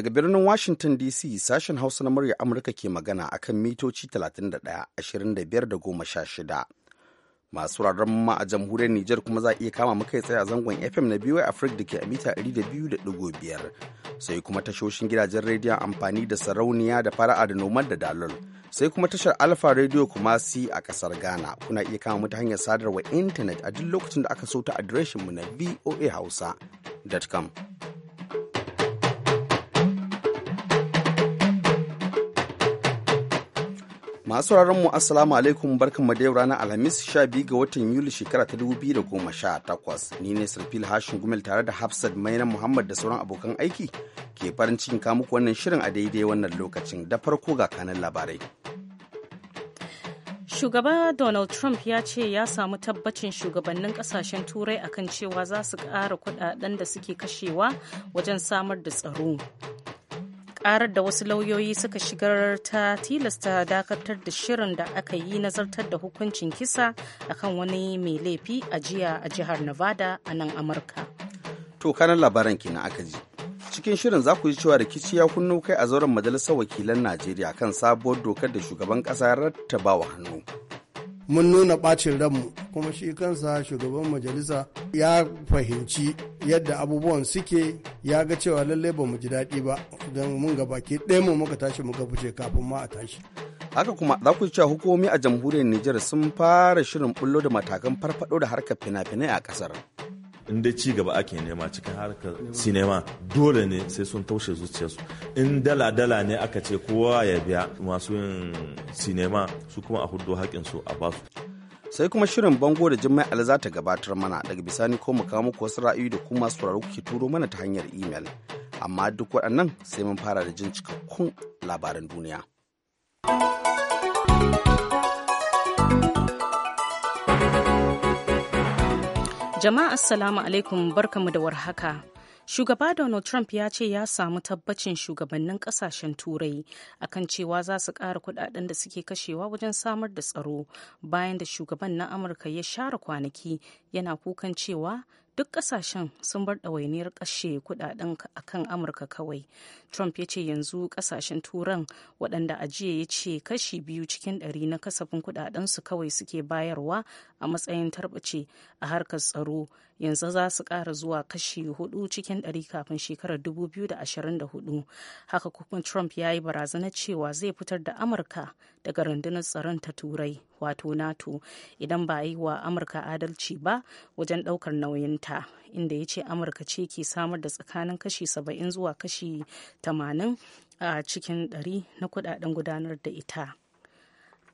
Daga birnin Washington DC sashen Hausa na murya Amurka ke magana a kan mitoci 31, 25 da 16. Masu wuraren ma a jamhuriyar Nijar kuma za a iya kama muka tsaye a zangon FM na BY Africa da ke a mita 200.5 sai kuma tashoshin gidajen rediyon amfani da sarauniya da fara'a da noman da dalol sai kuma tashar Alfa Radio kuma si a kasar Ghana kuna iya kama ta hanyar sadarwa intanet a duk lokacin da aka so ta adireshinmu na voahausa.com. Masu sauraron mu Assalamu alaikum barkan mu yau ranar Alhamis 12 ga watan Yuli shekara ta 2018. Ni ne Sarfil Hashin Gumel tare da Hafsat Maina Muhammad da sauran abokan aiki ke farin cikin muku wannan shirin a daidai wannan lokacin da farko ga kanan labarai. Shugaba Donald Trump ya ce ya samu tabbacin shugabannin kasashen turai akan cewa za su kara kudaden da suke kashewa wajen samar da tsaro. karar da wasu lauyoyi suka shigar ta tilasta dakatar da shirin da aka yi nazartar da hukuncin kisa akan wani mai laifi a jiya a jihar nevada a nan amurka to kanan labaran kenan aka ji cikin shirin za ku ji cewa rikici ya kunnu kai a zauren majalisar wakilan najeriya kan sabuwar dokar da shugaban kasa rattaba wa hannu mun nuna bacin ranmu kuma shi kansa shugaban majalisa ya fahimci yadda abubuwan suke ya ga cewa lallai ba mu ji daɗi ba don mun baki ɗaya mu muka tashi muka fice kafin ma a tashi haka kuma za ku cewa hukumomi a jamhuriyar Nijar sun fara shirin bullo da matakan farfado da harkar fina-finai a kasar. in dai ci gaba ake nema cikin harkar sinema dole ne sai sun taushe zuciyarsu in dala dala ne aka ce kowa ya biya masu yin sinema su kuma a hudu haƙinsu a basu sai kuma shirin bango da jimai alza ta gabatar mana daga bisani ko mu kawo muku wasu ra'ayi da kuma sauraro kuke turo mana ta hanyar imel amma duk waɗannan sai mun fara da jin cikakkun labaran duniya. Jama'a Assalamu alaikum barkamu da warhaka. Shugaba Donald Trump ya ce ya samu tabbacin shugabannin kasashen turai akan cewa za su ƙara kudaden da suke kashewa wajen samar da tsaro bayan da shugaban na Amurka ya share kwanaki yana kukan cewa duk kasashen sun bar ɗawainiyar kashe kudaden a kan amurka kawai trump ya ce yanzu ƙasashen turan waɗanda ajiye ya ce kashi biyu cikin ɗari na kasafin su kawai suke bayarwa a matsayin tarbace a harkar tsaro yanzu za su ƙara zuwa kashi hudu cikin ɗari kafin shekarar 2024 haka kuma trump ya yi barazana cewa zai fitar da amurka daga rundunar tsaron ta turai wato nato idan ba a yi wa amurka adalci ba wajen ɗaukar nauyinta inda ya ce amurka ce ke samar da tsakanin kashi 70 zuwa kashi 80 a cikin ɗari na kudaden gudanar da ita.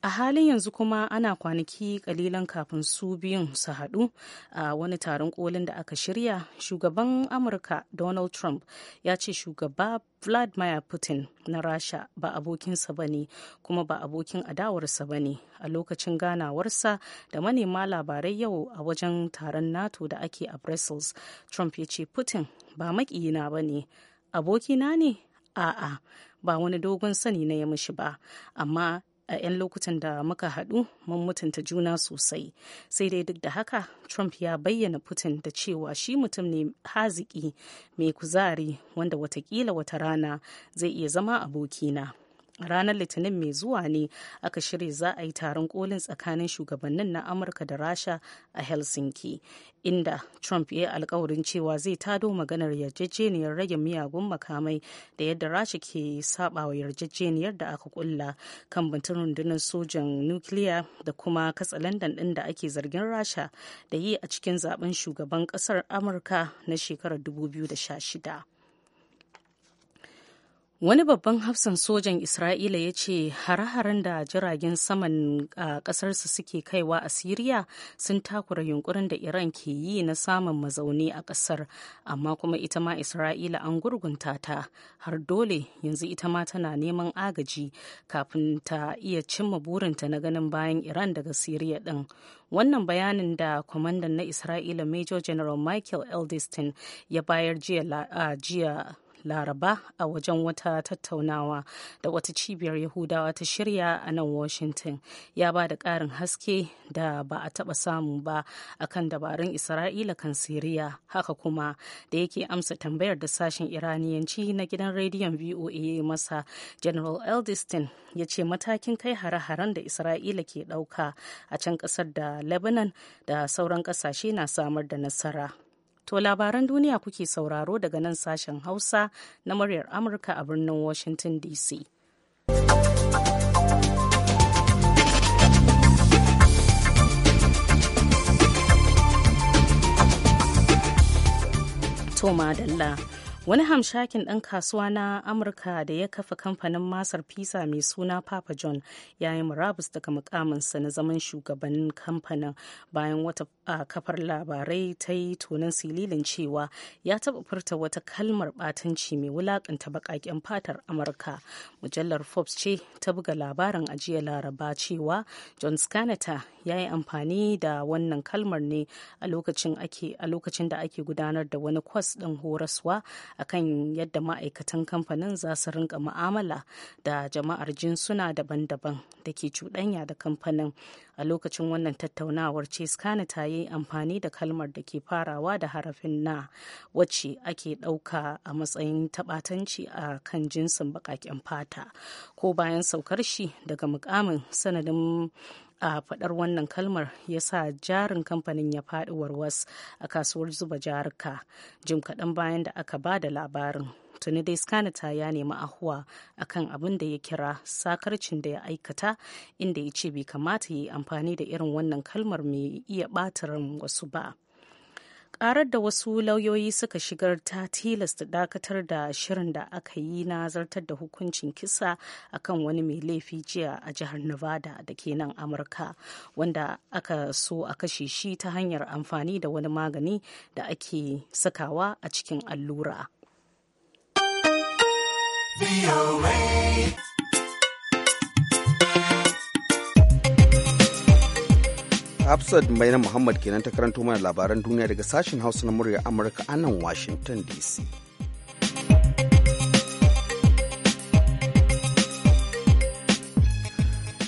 a halin yanzu kuma ana kwanaki kalilan kafin su biyun su haɗu a wani taron kolin da aka shirya shugaban amurka donald trump ya ce shugaba vladimir putin na rasha ba abokinsa ba ne kuma ba abokin adawarsa ba ne a lokacin ganawarsa da manema labarai yau a wajen taron nato da ake a brussels trump ya ce putin ba makiyina ba ne abokina ne a'a ba wani dogon sani na ya mishi ba amma a 'yan lokutan da muka haɗu mun mutunta juna sosai sai dai duk da haka trump ya bayyana putin da cewa shi mutum ne haziki mai kuzari wanda watakila wata rana zai iya zama abokina ranar litinin mai zuwa ne aka shirya za a yi taron kolin tsakanin shugabannin na amurka da rasha a helsinki inda trump ya yi alkawarin cewa zai tado maganar yarjejeniyar rage miyagun makamai da yadda rasha ke sabawa yarjejeniyar da aka kulla kan batun rundunar sojan nukiliya da kuma katsalandan din da ake zargin rasha da yi a cikin zaben shugaban kasar amurka na shekarar 2016 wani babban hafsan sojan isra'ila ya ce hare-haren da jiragen saman a ƙasarsa suke kaiwa a siriya sun takura yunkurin da iran ke yi na samun mazauni a kasar amma kuma ita ma isra'ila an gurgunta ta har dole yanzu ita ma tana neman agaji kafin ta iya cimma burinta na ganin bayan iran daga siriya ɗin wannan bayanin da kwamandan na isra'ila major general michael eldiston ya bayar jiya laraba a wajen wata tattaunawa da wata cibiyar yahudawa ta shirya a nan washington ya ba da ƙarin haske da ba a taɓa samu ba a kan dabarun isra'ila kan siriya haka kuma da yake amsa tambayar da sashen iraniyanci na gidan rediyon voa masa general eldiston ya ce matakin kai hare-haren da isra'ila ke ɗauka a can kasar da lebanon da sauran kasashe na samar da nasara To labaran duniya kuke sauraro daga nan sashen Hausa na muryar Amurka a birnin Washington DC. Toma Dalla. wani hamshakin ɗan kasuwa na amurka da ya kafa kamfanin masar pizza mai suna papa john ya yi murabus daga mukaminsa na zaman shugabannin kamfanin bayan wata kafar labarai ta yi tonin sililin cewa ya taɓa furta wata kalmar batanci mai wulaƙanta baƙaƙen fatar amurka mujallar forbes ce ta buga labarin ajiya laraba cewa john scanata ya yi amfani da wannan kalmar ne a lokacin da ake gudanar da wani kwas ɗin horaswa akan yadda ma'aikatan kamfanin za su rinka mu'amala da jama'ar jinsuna daban-daban da ke cuɗanya da kamfanin a lokacin wannan tattaunawar ce skana ta yi amfani da kalmar da ke farawa da harafin na wacce ake ɗauka a matsayin taɓatanci a kan jinsin baƙaƙen fata ko bayan saukar shi daga mukamin sanadin a faɗar wannan kalmar ya sa jarin kamfanin ya faɗi warwas a kasuwar zuba jarka jim kaɗan bayan da aka ba da labarin tuni dai skanata ya nemi ahuwa akan abin da ya kira sakarcin da ya aikata inda ya ce bai kamata ya yi amfani da irin wannan kalmar mai iya ɓata wasu ba. Karar da wasu lauyoyi suka shigar ta tilasta dakatar da shirin da aka yi na zartar da hukuncin kisa akan wani mai laifi jiya a jihar Nevada da ke nan Amurka wanda aka so a kashe shi ta hanyar amfani da wani magani da ake sakawa a cikin allura. Hafsat Maina Muhammad kenan ta karanto mana labaran duniya daga sashen Hausa na murya Amurka a nan Washington DC.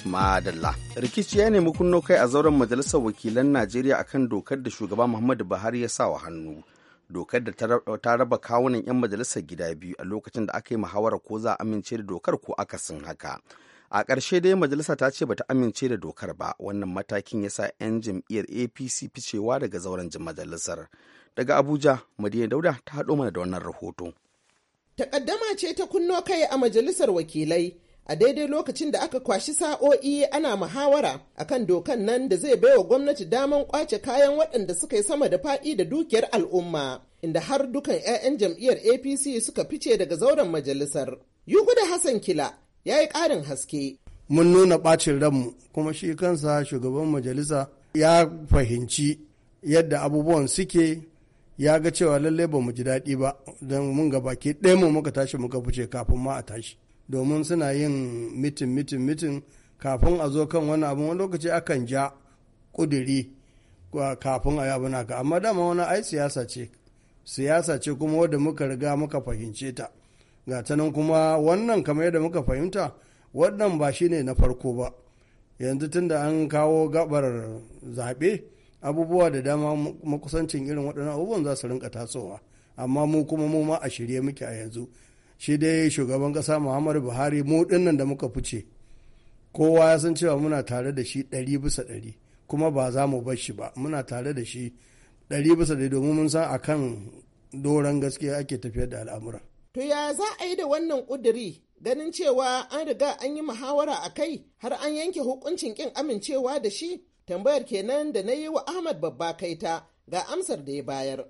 Madalla. Rikici ya nemi kunno kai a zauren Majalisar Wakilan Najeriya akan dokar da shugaba Muhammadu Buhari ya sa wa hannu. Dokar da ta raba kawunan 'yan majalisar gida biyu a lokacin da aka yi muhawara ko za a amince da dokar ko akasin haka. a ƙarshe dai majalisa ta ce bata amince da dokar ba wannan matakin ya sa 'yan jam'iyyar apc ficewa daga zauren majalisar daga abuja madina dauda ta haɗo mana da wannan rahoto takaddama ce ta kunno kai a majalisar wakilai a daidai lokacin da aka kwashi sa'o'i ana muhawara akan dokan nan da zai baiwa gwamnati daman kwace kayan waɗanda suka yi sama da faɗi da dukiyar al'umma inda har dukan 'ya'yan jam'iyyar apc suka fice daga zauren majalisar da hassan kila ya yi ƙarin haske. Mun nuna ɓacin ranmu kuma shi kansa shugaban majalisa ya fahimci yadda abubuwan suke ya ga cewa lalle ba mu ji daɗi ba don mun ga baki ɗaya mu muka tashi muka fice kafin ma a tashi domin suna yin mitin mitin mitin kafin a zo kan wani abu wani lokaci akan ja kuduri kafin a yabu naka amma dama wani ai siyasa ce siyasa ce kuma wadda muka riga muka fahimce ta ga tanan kuma wannan kamar yadda muka fahimta wannan ba shi ne na farko ba yanzu tunda an kawo gabar zaɓe abubuwa da dama makusancin irin waɗannan abubuwan za su rinka tasowa amma mu kuma mu ma a shirye muke a yanzu shi dai shugaban ƙasa muhammadu buhari mu dinnan da muka fice kowa ya san cewa muna tare da shi ɗari bisa ɗari kuma ba za mu bar shi ba muna tare da shi ɗari bisa ɗari domin mun san akan doron gaskiya ake tafiyar da al'amura To ya za a yi da wannan ƙuduri ganin cewa an riga an yi muhawara a kai har an yanke hukuncin kin amincewa da shi? Tambayar kenan da na yi wa Ahmad Babba Kaita ga amsar da ya bayar.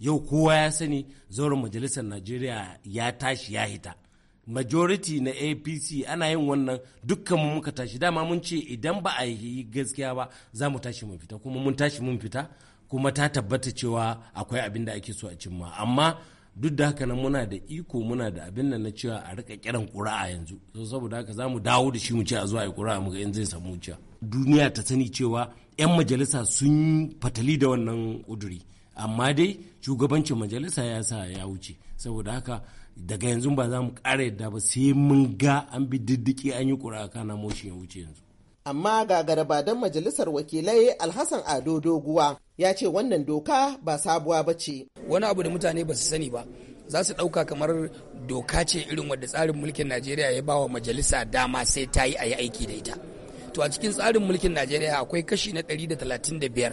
Yau kowa ya sani zauren majalisar Najeriya ya tashi ya hita. majority na apc ana yin wannan dukkan mu muka tashi dama mun ce idan ba a yi gaskiya ba za mu tashi mun fita kuma mun tashi mun fita kuma ta tabbata cewa akwai abin da ake so a cimma amma duk da haka nan muna da iko muna da abin nan na cewa a rika kiran ƙura'a yanzu so saboda haka za mu dawo da shi mu ce a zuwa a yi ƙura'a mu ga in zai samu wuciya duniya ta sani cewa 'yan majalisa sun fatali da wannan ƙuduri amma dai shugabancin majalisa ya sa ya wuce saboda haka daga yanzu ba za mu ƙara yadda ba sai mun ga an bi diddiki an yi ƙura'a kana moshin ya wuce yanzu amma ga garabadan majalisar wakilai alhassan ado doguwa ya ce wannan doka ba sabuwa ba ce wani abu da mutane ba su sani ba za su ɗauka kamar doka ce irin wadda tsarin mulkin najeriya ya ba wa majalisa dama sai ta yi a yi aiki da ita to a cikin tsarin mulkin najeriya akwai kashi na 135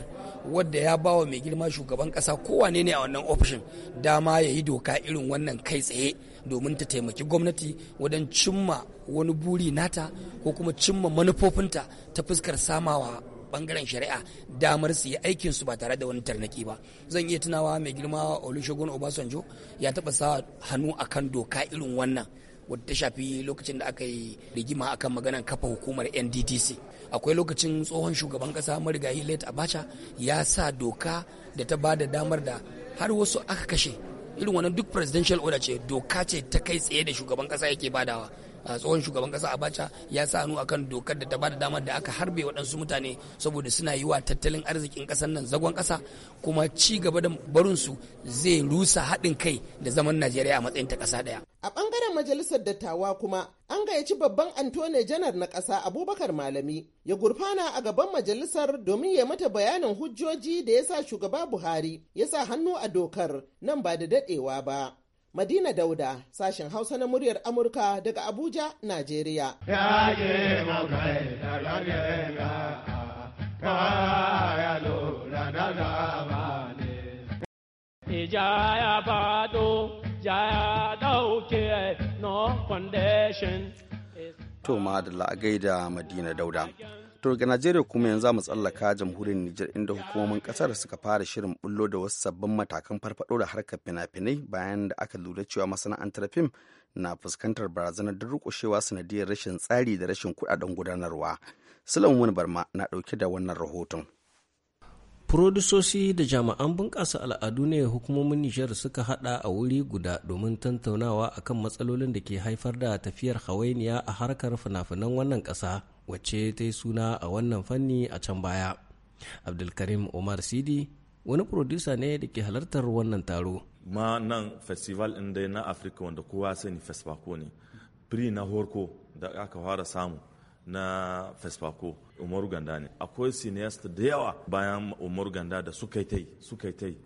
wadda ya ba wa mai girma shugaban kasa kowane ne a wannan ofishin dama ya yi doka irin wannan kai tsaye domin ta taimaki gwamnati wajen cimma wani buri nata ko kuma cimma manufofinta ta fuskar samawa bangaren shari'a damar su yi aikin su ba tare da wani tarnaki ba zan iya tunawa mai girma olusegun obasanjo ya taba sa hannu akan doka irin wannan wadda ta shafi lokacin da aka yi rigima akan maganan kafa hukumar ndtc akwai lokacin tsohon shugaban kasa marigayi late abacha ya sa doka da ta ba da damar da har wasu aka kashe irin wannan duk presidential order ce doka ce ta kai tsaye da shugaban kasa yake badawa a tsohon shugaban kasa abacha ya sa hannu akan dokar da ta bada damar da aka harbe waɗansu mutane saboda suna yi wa tattalin arzikin ƙasar nan zagon ƙasa kuma ci gaba da barinsu zai rusa haɗin kai da zaman najeriya a matsayin ta kasa ɗaya a ɓangaren majalisar dattawa kuma an gayyaci babban antone janar na ƙasa abubakar malami ya gurfana a gaban majalisar domin ya mata bayanin hujjoji da ya sa shugaba buhari ya sa hannu a dokar nan ba da daɗewa ba Madina Dauda, sashen Hausa na muryar Amurka daga Abuja, Najeriya. Ijaya bado, jaya To ma da la'agai da Madina Dauda. to ga najeriya kuma yanzu mu tsallaka jamhuriyar nijar inda hukumomin kasar suka fara shirin bullo da wasu sabbin matakan farfado da harkar fina-finai bayan da aka lura cewa masana'antar fim na fuskantar barazanar rukushewa sanadiyar rashin tsari da rashin kudaden gudanarwa sulaiman barma na dauke da wannan rahoton Furodusosi da jami'an bunƙasa al'adu ne hukumomin Nijar suka haɗa a wuri guda domin tantaunawa akan matsalolin da ke haifar da tafiyar hawainiya a harkar fina-finan wannan ƙasa wacce ta yi suna a wannan fanni a can baya abdulkarim omar sidi wani produsa ne da ke halartar wannan taro ma nan festival ɗin dai na afirka wanda kowa sani fesfako ne pri na horko da aka fara samu na fesfako umaru ganda ne akwai cineasta da yawa bayan umaru ganda da suka yi suka yi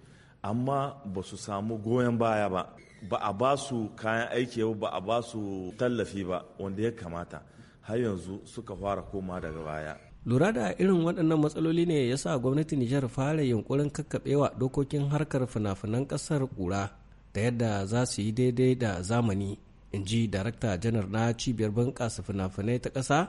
amma ba su samu goyon baya ba ba a ba su kayan aiki ba a ba su tallafi ba wanda ya kamata har yanzu suka fara koma daga baya lura da irin waɗannan matsaloli ne ya sa gwamnatin nijar fara yunkurin kakkaɓewa dokokin harkar fina-finan ƙasar ƙura da yadda za su yi daidai da zamani in ji darakta janar na cibiyar bunƙasa fina-finai ta ƙasa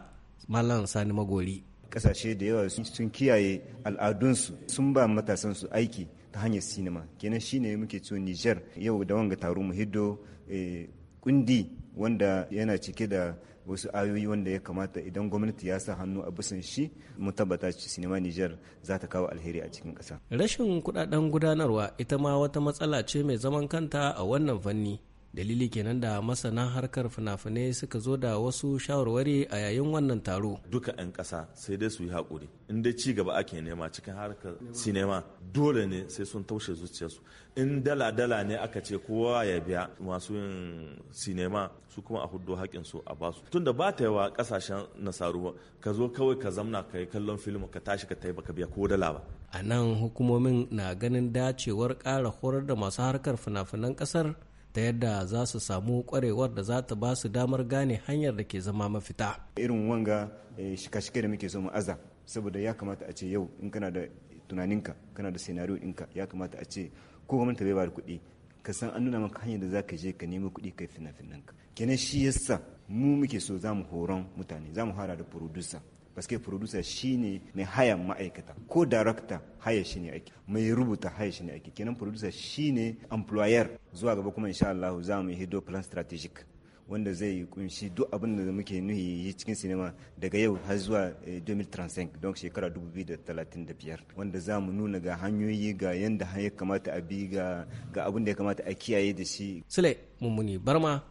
malam sani magori ƙasashe da yawa sun kiyaye al'adunsu sun ba matasan su aiki ta hanyar sinima kenan shine muke ciwo nijar yau da wanga taro mu hiddo eh, kundi wanda yana cike da wasu ayoyi wanda ya kamata idan gwamnati ya sa hannu a bisan shi mu tabbata sinima Nijar za ta kawo alheri a cikin ƙasa. Rashin kudaden gudanarwa ita ma wata matsala ce mai zaman kanta a wannan fanni. dalili kenan da masana harkar fina-finai suka zo da wasu shawarwari a yayin wannan taro duka 'yan ƙasa sai dai su yi haƙuri in dai ci gaba ake nema cikin harkar sinema dole ne sai sun taushe zuciyarsu in dala-dala ne aka ce kowa ya biya masu yin sinema su kuma a hudu haƙinsu a basu tunda ba ta yawa ƙasashen nasaru ba ka zo kawai ka zamna ka yi kallon film ka tashi ka ta baka biya ko dala ba a nan hukumomin na ganin dacewar ƙara horar da masu harkar fina-finan ƙasar ta yadda za su samu kwarewar da za ta ba su damar gane hanyar da ke zama mafita irin wanga eh, shika-shike da muke so mu aza saboda ya kamata a ce yau in kana da tunaninka kana da scenario ɗinka ya kamata a ce ko gwamnati bai ba da kuɗi ka san an nuna maka hanyar da za ka je ka nemi kuɗi kai fina-finanka kenan shi yasa mu muke so za mu horon mutane za mu fara da producer paske producer shine mai hayan ma'aikata ko director haya shi ne aiki mai rubuta haya shi ne aiki kenan producer shine employer zuwa gaba kuma insha Allah za mu yi hido plan strategic wanda zai kunshi duk abin da muke nuhi cikin sinima daga yau har zuwa 2035 eh, don shekara 2035 wanda za mu nuna ga hanyoyi ga yadda ya kamata a bi ga abin da ya kamata a kiyaye da shi. Sule Mummuni Barma,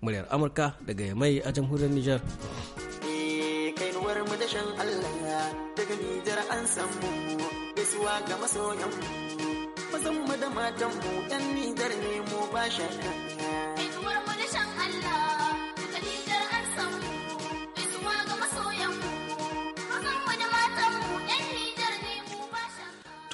muryar Amurka daga mai a jamhuriyar Nijar. tashan Allah daga Nijar an samu gaisuwa ga masoyan mu mazan mu da matan mu ɗan Nijar ne mu ba Gaisuwar mu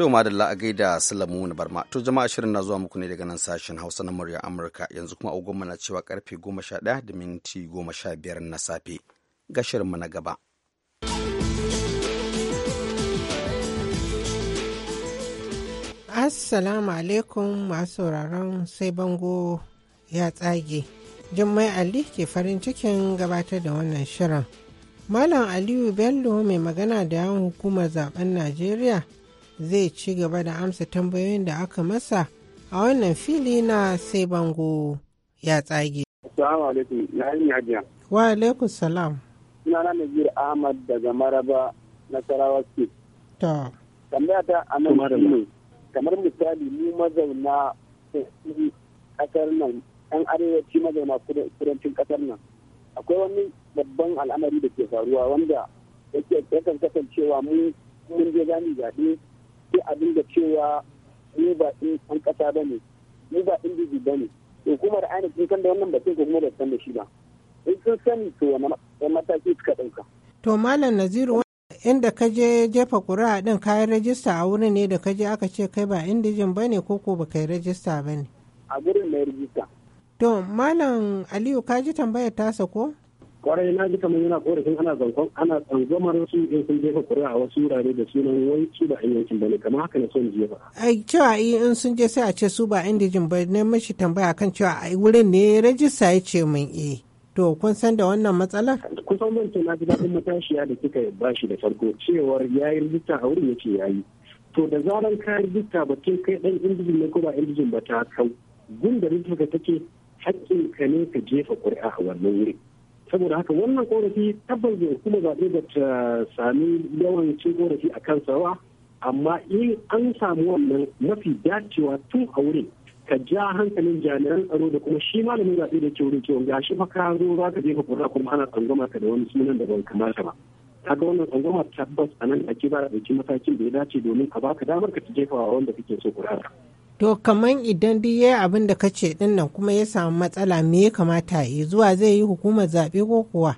da matan a gaida Salamu na Barma to jama'a shirin na zuwa muku ne daga nan sashen Hausa na murya Amurka yanzu kuma agogon na cewa karfe ɗaya da minti sha biyar na safe. ga na gaba. Assalamu alaikum masu sauraron sai bango ya tsage. Jummai Ali ke farin cikin gabatar da wannan shirin. Malam Aliyu Bello mai magana da yawon hukumar zaben Najeriya zai ci gaba da amsa tambayoyin da aka masa a wannan fili na sai bango ya tsage. Assalamu alaikum, ya yi hajiya. Wa alaikum salam. Suna na Najir Ahmad daga Maraba, Nasarawa State. Ta. Tambaya ta a nan kamar misali mu mazauna kasar nan yan arewaci mazauna kudancin kasar nan akwai wani babban al'amari da ke faruwa wanda yakan kasancewa mun mun je gani zaɓe sai abin da cewa mu ba in an ƙasa ba ne mu ba indiji ba ne hukumar ainihin sun da wannan batun ko kuma ba san da shi ba in sun sani to wani mataki suka ɗauka. to malam naziru inda ka je jefa ƙuri'a ɗin kayan rajista a wurin ne da ka je aka ce kai ba indijin ba ne ko ko ba kai rajista ba ne. A gurin mai rajista. To Malam Aliyu ka ji tambayar tasa ko? kwarai na ji kamar yana korafin ana zankon ana tsangwamar su in sun jefa kuri'a a wasu wurare da sunan wai su ba yankin ne?' kamar haka na son jefa. ai cewa in sun je sai a ce su ba indijin ba ne mashi tambaya kan cewa ai wurin ne rajista ya ce min eh. To kun san da wannan matsalar? Kusan manta na ji daɗin matashiya da kika ba shi da farko cewar ya yi rijista a wurin ya ce ya yi. To da zaran ka yi rijista batun kai ɗan indijin ne ko ba indijin ba ta kau. Gun da rijista ta ce haƙƙin ka ne ka jefa ƙuri'a a wannan wuri. Saboda haka wannan ƙorafi tabbas bai kuma zaɓe da ta sami yawan cin ƙorafi a kansa ba. Amma in an samu wannan mafi dacewa tun a wurin ka ja hankalin jami'an tsaro da kuma shi malamin zaɓe da ke wurin cewa gashi fa ka zo za ka jefa kura kuma ana tsangwama ka da wani sunan da ban kamata ba ga wannan tsangwama tabbas a nan ake ba ɗauki matakin da ya dace domin a baka damar ka ta jefa wanda kake so kura to kamar idan duk yayi abin da kace din nan kuma ya samu matsala me ya kamata yi zuwa zai yi hukumar zaɓe ko kuwa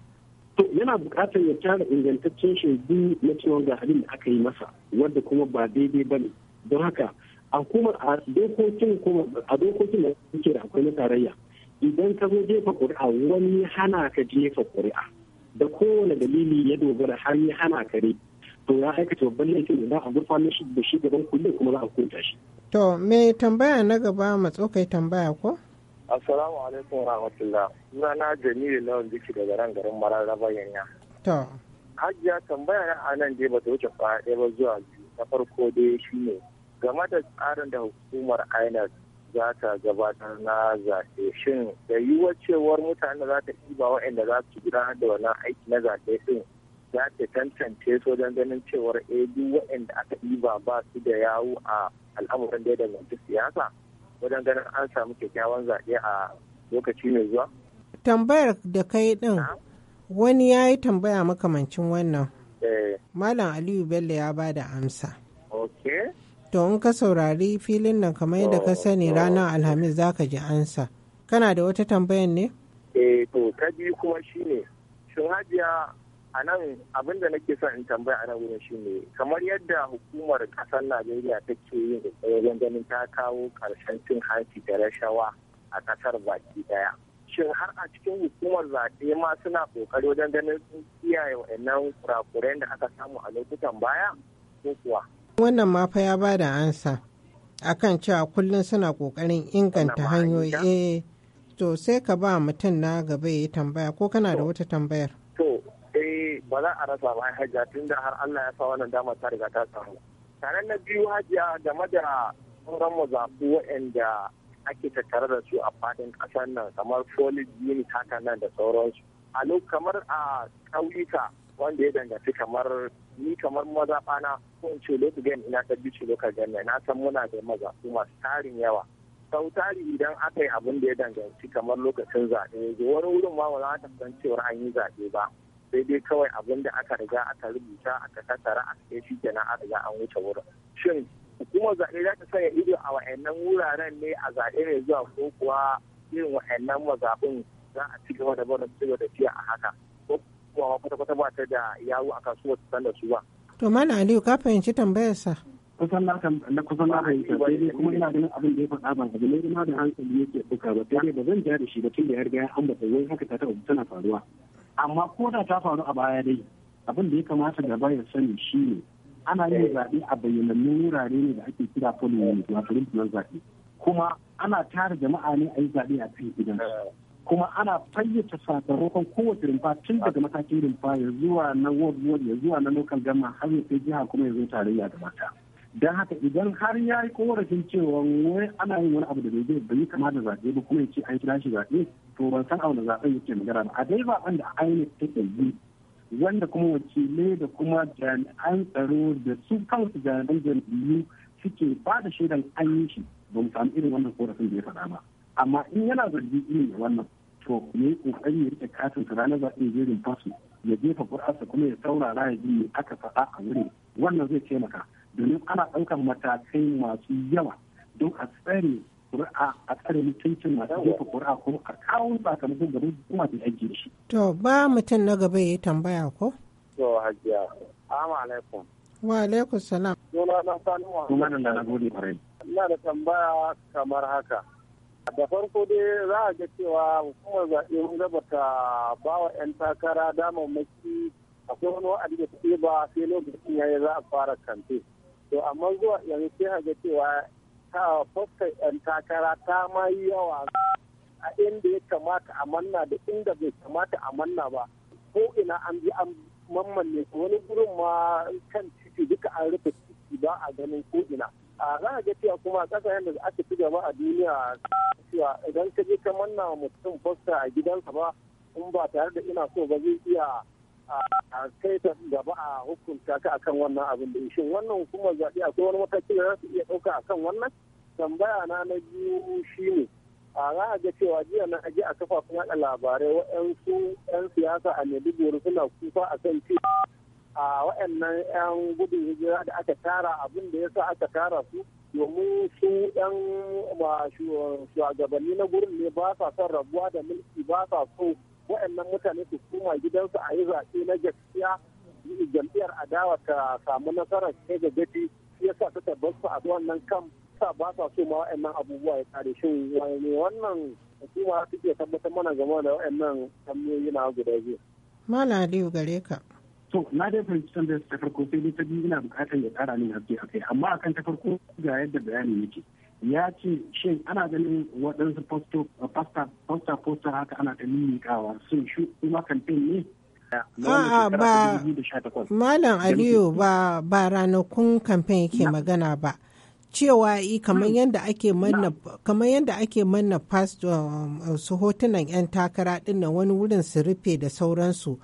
to yana buƙatar ya tara ingantaccen shaidu na ciwon ga halin da aka yi masa wadda kuma ba daidai ba ne don haka a kuma a dokokin kuma a dokokin da suke da akwai na tarayya idan ka zo jefa ƙuri'a wani hana ka jefa ƙuri'a da kowane dalili ya dogara har ya hana ka re to ya aikata babban laifin da za a gurfanar shi da shi gaban kulle kuma za a kunta shi. to me tambaya na gaba matsokai tambaya ko. assalamu alaikum rahmatullah suna na jamilu lawan jiki daga ran garin mararraba yanya. to. hajiya tambaya na a nan dai ba ta wuce kwaya ɗaya ba zuwa biyu na farko dai shi ne game da tsarin da hukumar inec za ta gabatar na zaɓe shin da yiwuwar cewar mutane za ta ɗiba waɗanda za su gudanar da wannan aiki na zaɓe ɗin za ta tantance su don ganin cewar a eh, duk waɗanda aka ɗiba ba su da yawu a al'amuran da ya danganci siyasa wajen ganin an samu kyakkyawan zaɓe a lokaci mai zuwa. tambayar da kai ɗin wani ya yi tambaya makamancin wannan eh. malam aliyu bello ya ba da amsa. to in ka saurari filin nan kamar yadda ka sani ranar alhamis za ka ji ansa kana da wata tambayan ne eh to ta biyu kuma shi ne. shin hajiya a nan abin da nake son in tambaya a nan wurin ne? kamar yadda hukumar kasar najeriya take yin wajen ganin ta kawo karshen cin hanci da rashawa a kasar baki daya shin har a cikin hukumar zaɓe ma suna ƙoƙari wajen ganin sun kiyaye wa'annan kurakuren da aka samu a lokutan baya ko kuwa Wannan mafa ya ba da ansa akan cewa kullum suna kokarin inganta hanyoyi. Eh, to sai ka ba mutum na gaba ya yi tambaya ko kana da wata tambayar. To, eh ba za a rasa ba hajja tun da har Allah ya sa wannan dama ta riga ta samu. Tare na biyu hajiya game da sauran mazaɓu waɗanda ake tattare da su a faɗin ƙasar nan kamar solid unit haka nan da sauransu. A kamar a ƙauyuka wanda ya danganci kamar ni kamar maza bana, ko in ce lokacin gani ina ta bici lokacin game na san muna da maza, su masu tarin yawa sau tari idan aka yi abin da ya danganci kamar lokacin zaɓe da wani wurin ma ba san cewar an yi zaɓe ba sai dai kawai abin da aka riga aka rubuta aka tattara a kai shi kenan aka ga an wuce wurin shin hukumar zaɓe za ta sanya ido a wa'annan wuraren ne a zaɓe ne zuwa ko kuwa irin wa'annan mazaɓin za a ci gaba da barin su da a haka kowa kwata-kwata ba ta da yawo a kasuwar ta da su To Malam Aliyu ka fahimci tambayarsa. Kusan na na kusan na kan sai dai kuma ina ganin abin da ya faɗa ba a ne ma da hankali yake buka ba sai ba zan ja da shi ba tun da ya riga ya ambata wai haka ta taɓa tana faruwa. Amma ko da ta faru a baya dai abin da ya kamata gaba ya sani shi ne ana yin zaɓe a bayyanannun wurare ne da ake kira polling wato rumfunan zaɓe kuma ana tara jama'a ne a yi zaɓe a cikin gidan kuma ana fayyace sakamakon kowace rumfa tun daga matakin rumfa ya zuwa na world war ya zuwa na local gama har ya kai jiha kuma ya zo tarayya da mata don haka idan har ya yi korafin cewa wani ana yin wani abu da bai bai yi kama da zaɓe ba kuma ya ce an kira shi zaɓe to ban san auna zaɓen yake magana ba a dai ba an da ainihin take yi wanda kuma wakilai da kuma jami'an tsaro da su kansu jami'an jam'iyyu suke ba da shaidan an yi shi ba mu samu irin wannan korafin da ya faɗa ba. amma in yana zargi irin wannan to ya yi kokari ya rike katin su ranar zaɓen jerin fasu ya jefa ƙur'arsa kuma ya saurara ya ji aka faɗa a wurin wannan zai taimaka domin ana ɗaukar matakai masu yawa don a tsare ƙuri'a a tsare mutuncin masu jefa ƙuri'a ko a kawo sakamakon gaban hukuma da ajiye shi. To ba mutum na gaba ya yi tambaya ko? To hajiya. Assalamu alaikum. Wa alaikum salam. Suna na sani Suna na gode kwarai. Ina da tambaya kamar haka. da farko dai za a ga cewa hukumar zaɓe mun gaba ta ba wa 'yan takara damammaki kuma wani wa'adi da ta ba sai lokacin yayi za a fara kamfe to amma zuwa yanzu sai a ga cewa ta fuskar 'yan takara ta ma yi yawa a inda ya kamata a manna da inda bai kamata a manna ba ko ina an bi an ne wani gurin ma kan titi duka an rufe ciki ba a ganin ko ina a za a ga cewa kuma a ƙasashen da aka ci gaba a duniya cewa idan ka je ka na mutum fosta a gidansa ba in ba tare da ina so ba zai iya a kai ta gaba a hukunta ka akan wannan abin da shin wannan hukumar zaɓe a wani mataki da za su iya ɗauka akan wannan tambaya na na biyu shine a za a ga cewa jiya na aji a kafafun yaɗa labarai waɗansu 'yan siyasa a maiduguri suna kufa akan cewa a waɗannan 'yan gudun hijira da aka tara abin da ya sa aka tara su domin su 'yan shugabanni na gurin ne ba sa son rabuwa da mulki ba sa so waɗannan mutane su koma gidansu a yi zaɓe na gaskiya jam'iyyar adawa ta samu nasarar kai ga gafi shi yasa ta tabbata a wannan kan sa ba sa so ma waɗannan abubuwa ya kare shin ne wannan hukuma take tabbatar mana game da waɗannan hanyoyi na guda biyu. Mala Aliyu gare ka. so na dai fahimci da ta farko sai dai ta biyu ina bukatar ya kara min haske kai amma akan ta farko ga yadda bayani yake ya ce shin ana ganin waɗansu posta uh, posta haka ana ta mimikawa sun shi kuma kamfen ne A'a ba Malam Aliyu ba ba ranakun kamfen yake magana ba. Cewa i hmm. kamar yadda ake manna kamar um, su hotunan 'yan takara ɗinna wani wurin su rufe da sauransu.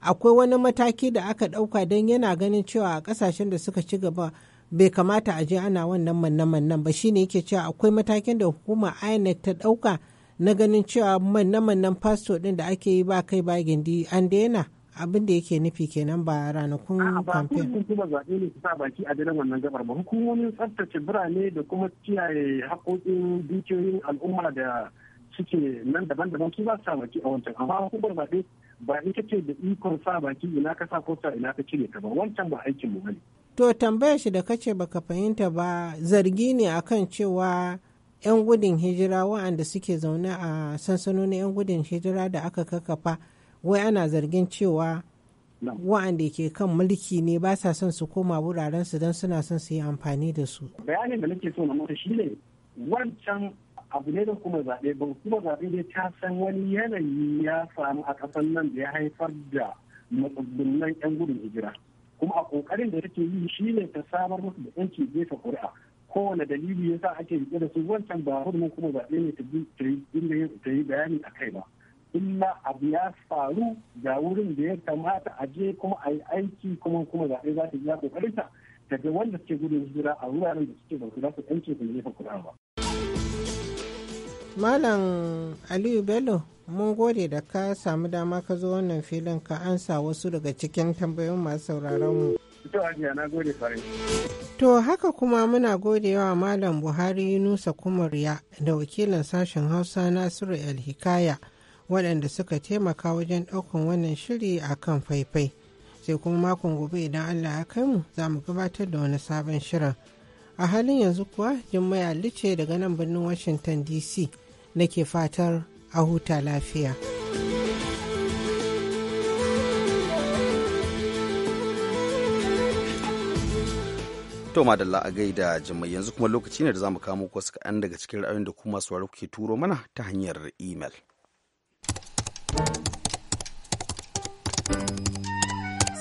akwai wani mataki da aka ɗauka don yana ganin cewa a ƙasashen da suka ci gaba bai kamata a je ana wannan manne-mannen ba shine yake cewa akwai matakin da hukuma inec ta ɗauka na ganin cewa manne-mannen fasto ɗin da ake yi ba kai ba gindi an daina abin da yake nufi kenan ba ranakun kamfen. Ba kuma zaɓe ne su sa baki a daren wannan gabar ba hukumomin tsaftace birane da kuma kiyaye haƙoƙin dukiyoyin al'umma da suke nan daban-daban su ba su sa baki a wancan amma hukumar zaɓe ba ita ce da ikon sa baki ina ka sa ko ina ka cire ta ba wancan ba aikin mu bane to tambayar shi da kace baka fahimta ba zargi ne akan cewa yan gudun hijira waɗanda suke zaune a sansanonin yan gudun hijira da aka kakafa wai ana zargin cewa wa'anda ke kan mulki ne ba sa son su koma wuraren su don suna son su yi amfani da su bayanin da nake so na mata ne wancan abu ne da kuma zaɓe ba kuma zaɓe dai ta san wani yanayi ya samu a ƙasar nan da ya haifar da matsugunan 'yan gudun hijira kuma a ƙoƙarin da take yi shi ne ta samar musu da 'yanci jefa kuri'a kowane dalili ya sa ake riƙe da su wancan ba hukumar kuma zaɓe ne ta yi bayani a kai ba illa abu ya faru ga wurin da ya kamata a je kuma a yi aiki kuma kuma zaɓe za ta yi ya ƙoƙarinta daga wanda suke gudun hijira a wuraren da suke ba su za su yanke su jefa kuri'a ba Malam Aliyu Bello, mun gode da ka samu dama ka zo wannan filin ka ansa wasu daga cikin tambayoyin masu sauraron mu. To haka kuma muna gode godewa Malam Buhari Yunusa Kumariya da wakilin sashen Hausa Nasiru El Hikaya waɗanda suka taimaka wajen ɗaukan wannan shiri a kan faifai. Sai kuma makon gobe idan Allah ya kai mu za mu gabatar da wani sabon shirin. A halin yanzu kuwa jimmai Ali ce daga nan birnin Washington DC. nake fatar a huta lafiya. To madalla a gaida jimai yanzu kuma lokaci ne da za mu kawo muku wasu kaɗan daga cikin ra'ayoyin da kuma sauraro kuke turo mana ta hanyar imel.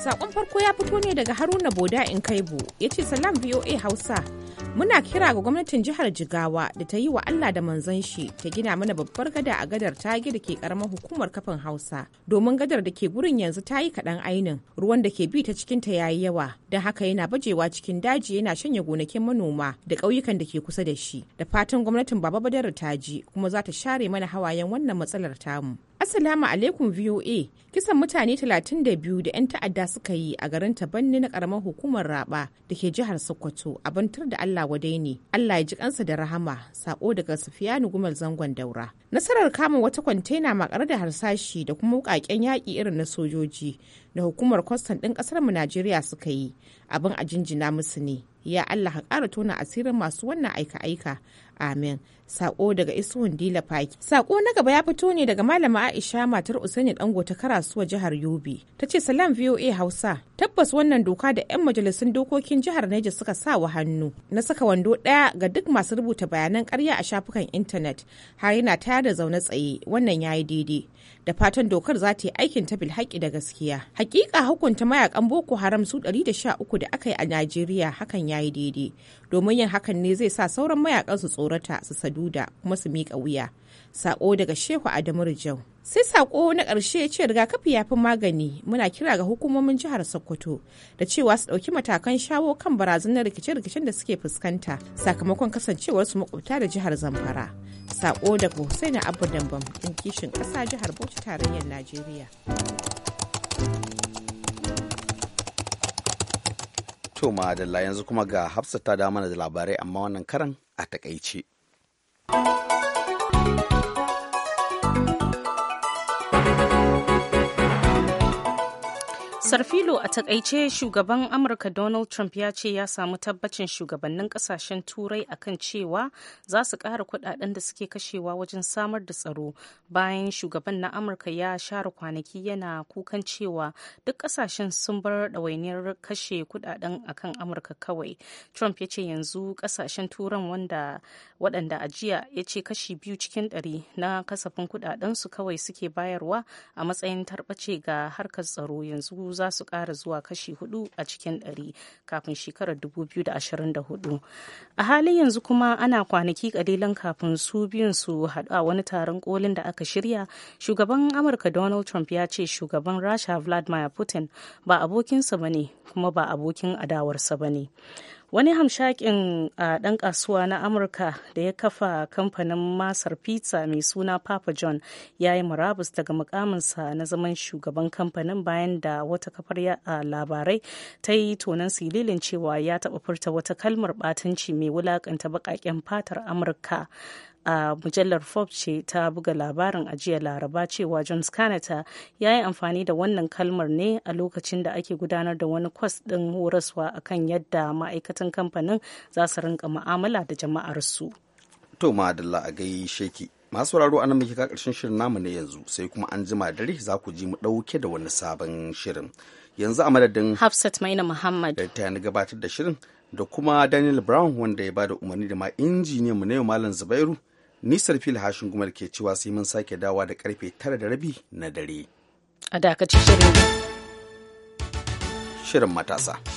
saƙon farko ya fito ne daga Haruna Boda in Kaibu ya ce salam VOA Hausa Muna kira ga gwamnatin jihar Jigawa da ta yi wa Allah da manzan shi ta gina mana babbar gada a gadar tage da ke karamar hukumar kafin Hausa domin gadar da ke gurin yanzu ta yi kaɗan ainin ruwan da ke bi ta cikin ta yayi yawa da haka yana bajewa cikin daji yana shanye gonakin manoma da ƙauyukan da ke kusa da shi da fatan gwamnatin Baba Badar ta ji kuma za ta share mana hawayen wannan matsalar tamu. Assalamu alaikum VOA. Kisan mutane 32 da 'yan ta'adda suka yi a garin Tabanni na karamar hukumar Raba da ke jihar Sokoto a bantar da Allah wadai ne. Allah ya ji kansa da rahama, sako daga Sufiyanu Gumal zangon daura. Nasarar kama wata kwantena makar da harsashi da kuma wukaken yaƙi irin na sojoji da hukumar kwastan ɗin ƙasar mu Najeriya suka yi. Abin a jinjina musu ne. Ya Allah ka ƙara tona asirin masu wannan aika-aika. Amin. sako daga isuhun dila faki sako na gaba ya fito ne daga malama aisha matar usaini dango ta karasuwa jihar yobe ta ce salam voa hausa tabbas wannan doka da 'yan majalisun dokokin jihar Neja suka sa wa hannu na saka wando ɗaya ga duk masu rubuta bayanan karya a shafukan intanet har yana tayar da zaune tsaye wannan ya yi daidai da fatan dokar za ta yi aikin ta bilhaƙi da gaskiya hakika hukunta mayakan boko haram su 113 da aka yi a najeriya hakan ya yi daidai domin yin hakan ne zai sa sauran mayakan su tsorata su saduda kuma su miƙa wuya Sako daga Shehu Adamu Rijau. sai sako na ƙarshe ya ce rigakafi ya fi magani muna kira ga hukumomin jihar sokoto da cewa su ɗauki matakan shawo kan barazanar rikice-rikicen da suke fuskanta sakamakon kasancewar su makwabta da jihar zamfara sako daga husaini abu dambam ɗin kishin ƙasa jihar bauchi tarayyar najeriya to madalla yanzu kuma ga hafsa ta dama da labarai amma wannan karan a takaice. filo a takaice shugaban amurka donald trump ya ce ya samu tabbacin shugabannin kasashen turai akan cewa za su ƙara kudaden da suke kashewa wajen samar da tsaro bayan shugaban na amurka ya share kwanaki yana kukan cewa duk kasashen sun bar ɗawainiyar kashe kudaden akan amurka kawai trump ya ce yanzu kasashen turan wanda waɗanda a ya ce kashi biyu cikin ɗari na kasafin kudaden su kawai suke bayarwa a matsayin tarbace ga harkar tsaro yanzu za za su ƙara zuwa kashi hudu a cikin ɗari kafin shekarar 2024 a halin yanzu kuma ana kwanaki kalilan kafin su biyun su haɗu a wani taron kolin da aka shirya shugaban amurka donald trump ya ce shugaban rasha vladimir putin ba abokinsa ba ne kuma ba abokin adawarsa ba ne wani hamshakin a ɗan kasuwa na amurka da ya kafa kamfanin masar pizza mai suna papa john ya yi murabus daga mukaminsa na zaman shugaban kamfanin bayan da wata kafar labarai ta yi tonan sililin cewa ya taɓa furta wata kalmar ɓatanci mai wulakanta baƙaƙen fatar amurka a mujallar forbes ce ta buga labarin ajiya laraba cewa john scanata ya yi amfani da wannan kalmar ne a lokacin da ake gudanar da wani kwas ɗin horaswa akan yadda ma'aikatan kamfanin za su rinka mu'amala da jama'arsu to ma'adalla a gai sheki masu sauraro anan muke kakarshen karshen shirin namu ne yanzu sai kuma an jima dare za ku ji mu ɗauke da wani sabon shirin yanzu a madadin hafsat maina muhammad da ta gabatar da shirin da kuma daniel brown wanda ya bada umarni da ma injiniyan mu na yau malam zubairu nisar fil hashin gumar ke cewa sai mun sake dawa da karfe tara da rabi na dare a dakaci shirin matasa